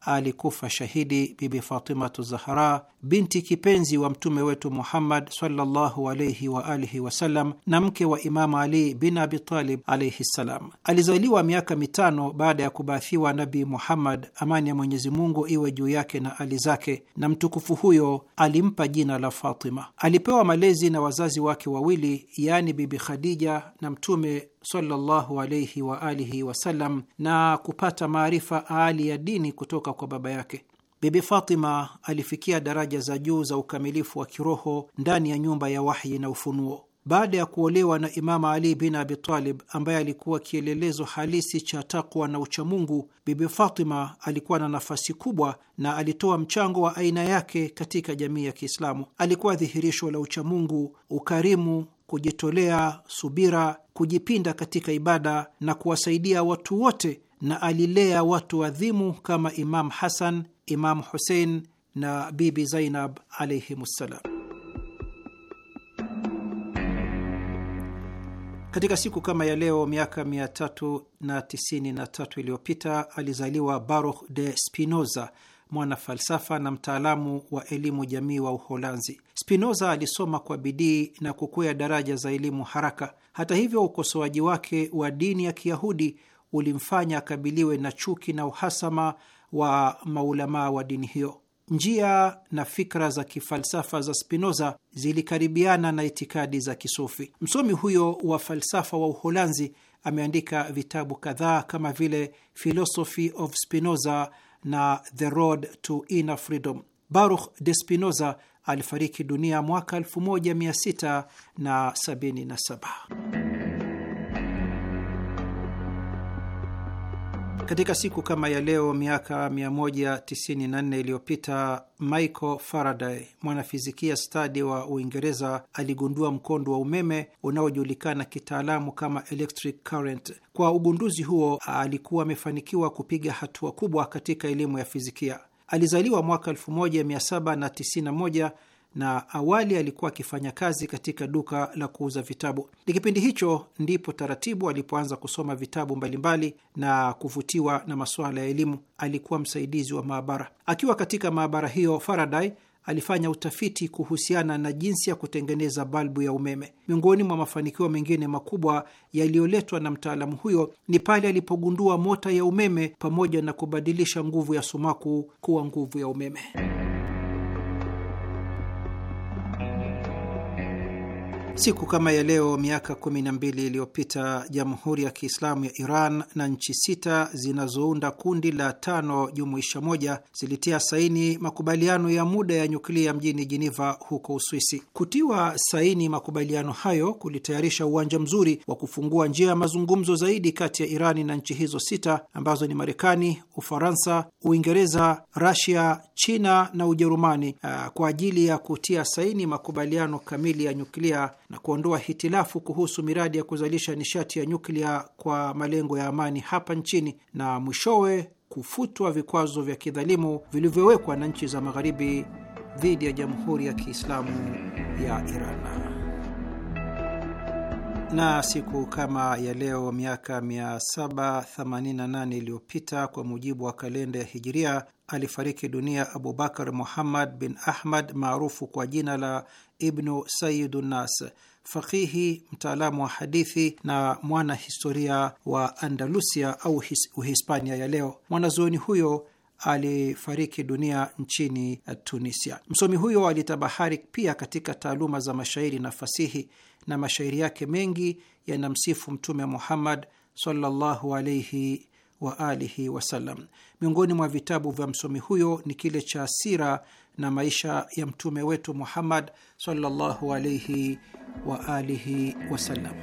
alikufa shahidi Bibi Fatimatu Zahra, binti kipenzi wa mtume wetu Muhammad sallallahu alaihi wa alihi wasallam na mke wa Imamu Ali bin Abitalib alaihi ssalam. Alizaliwa miaka mitano baada ya kubaathiwa Nabi Muhammad, amani ya Mwenyezi Mungu iwe juu yake na ali zake, na mtukufu huyo alimpa jina la Fatima. Alipewa malezi na wazazi wake wawili, yaani Bibi Khadija na Mtume sallallahu alayhi wa alihi wasallam na kupata maarifa aali ya dini kutoka kwa baba yake. Bibi Fatima alifikia daraja za juu za ukamilifu wa kiroho ndani ya nyumba ya wahyi na ufunuo. Baada ya kuolewa na imamu Ali bin Abi Talib ambaye alikuwa kielelezo halisi cha takwa na uchamungu, Bibi Fatima alikuwa na nafasi kubwa na alitoa mchango wa aina yake katika jamii ya Kiislamu. Alikuwa dhihirisho la uchamungu, ukarimu kujitolea, subira, kujipinda katika ibada na kuwasaidia watu wote, na alilea watu adhimu kama Imam Hasan, Imam Husein na Bibi Zainab alaihimussalam. Katika siku kama ya leo miaka 393 iliyopita alizaliwa Baruch de Spinoza, mwana falsafa na mtaalamu wa elimu jamii wa Uholanzi. Spinoza alisoma kwa bidii na kukwea daraja za elimu haraka. Hata hivyo, ukosoaji wake wa dini ya Kiyahudi ulimfanya akabiliwe na chuki na uhasama wa maulamaa wa dini hiyo. Njia na fikra za kifalsafa za Spinoza zilikaribiana na itikadi za kisufi. Msomi huyo wa falsafa wa Uholanzi ameandika vitabu kadhaa kama vile Philosophy of Spinoza na The Road to Inner Freedom. Baruch de Spinoza alifariki dunia mwaka 1677. Katika siku kama ya leo miaka 194 iliyopita Michael Faraday, mwanafizikia stadi wa Uingereza, aligundua mkondo wa umeme unaojulikana kitaalamu kama electric current. Kwa ugunduzi huo, alikuwa amefanikiwa kupiga hatua kubwa katika elimu ya fizikia. Alizaliwa mwaka 1791 na awali alikuwa akifanya kazi katika duka la kuuza vitabu. Ni kipindi hicho ndipo taratibu alipoanza kusoma vitabu mbalimbali na kuvutiwa na masuala ya elimu. Alikuwa msaidizi wa maabara. Akiwa katika maabara hiyo, Faraday alifanya utafiti kuhusiana na jinsi ya kutengeneza balbu ya umeme. Miongoni mwa mafanikio mengine makubwa yaliyoletwa na mtaalamu huyo ni pale alipogundua mota ya umeme pamoja na kubadilisha nguvu ya sumaku kuwa nguvu ya umeme. Siku kama ya leo miaka kumi na mbili iliyopita Jamhuri ya Kiislamu ya Iran na nchi sita zinazounda kundi la tano jumuisha moja zilitia saini makubaliano ya muda ya nyuklia mjini Jiniva huko Uswisi. Kutiwa saini makubaliano hayo kulitayarisha uwanja mzuri wa kufungua njia ya mazungumzo zaidi kati ya Irani na nchi hizo sita ambazo ni Marekani, Ufaransa, Uingereza, Rasia, China na Ujerumani uh, kwa ajili ya kutia saini makubaliano kamili ya nyuklia na kuondoa hitilafu kuhusu miradi ya kuzalisha nishati ya nyuklia kwa malengo ya amani hapa nchini na mwishowe kufutwa vikwazo vya kidhalimu vilivyowekwa na nchi za magharibi dhidi ya Jamhuri ya Kiislamu ya Iran. Na siku kama ya leo miaka 788 iliyopita kwa mujibu wa kalenda ya Hijiria alifariki dunia Abubakar Muhammad bin Ahmad maarufu kwa jina la Ibnu Sayidu Nas, fakihi mtaalamu wa hadithi na mwana historia wa Andalusia au Uhispania ya leo. Mwanazuoni huyo alifariki dunia nchini Tunisia. Msomi huyo alitabahari pia katika taaluma za mashairi na fasihi, na mashairi yake mengi yanamsifu Mtume Muhammad sallallahu alaihi wa alihi wasallam. Miongoni mwa vitabu vya msomi huyo ni kile cha sira na maisha ya mtume wetu Muhammad sallallahu alaihi wa alihi wasallam.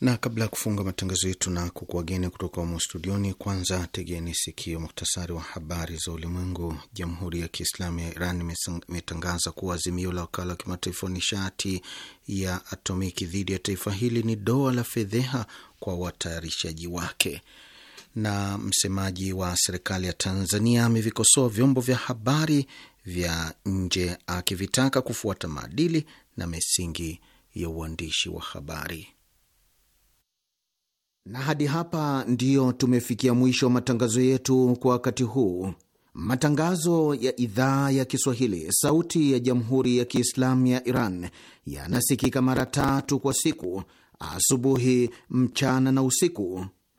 Na kabla ya kufunga matangazo yetu na kukuageni kutoka humo studioni, kwanza tegeni sikio muktasari wa habari za ulimwengu. Jamhuri ya Kiislamu ya Iran imetangaza kuwa azimio la wakala wa kimataifa wa nishati ya atomiki dhidi ya taifa hili ni doa la fedheha kwa watayarishaji wake na msemaji wa serikali ya Tanzania amevikosoa vyombo vya habari vya nje akivitaka kufuata maadili na misingi ya uandishi wa habari. Na hadi hapa ndiyo tumefikia mwisho wa matangazo yetu kwa wakati huu. Matangazo ya idhaa ya Kiswahili, sauti ya jamhuri ya kiislamu ya Iran yanasikika mara tatu kwa siku: asubuhi, mchana na usiku.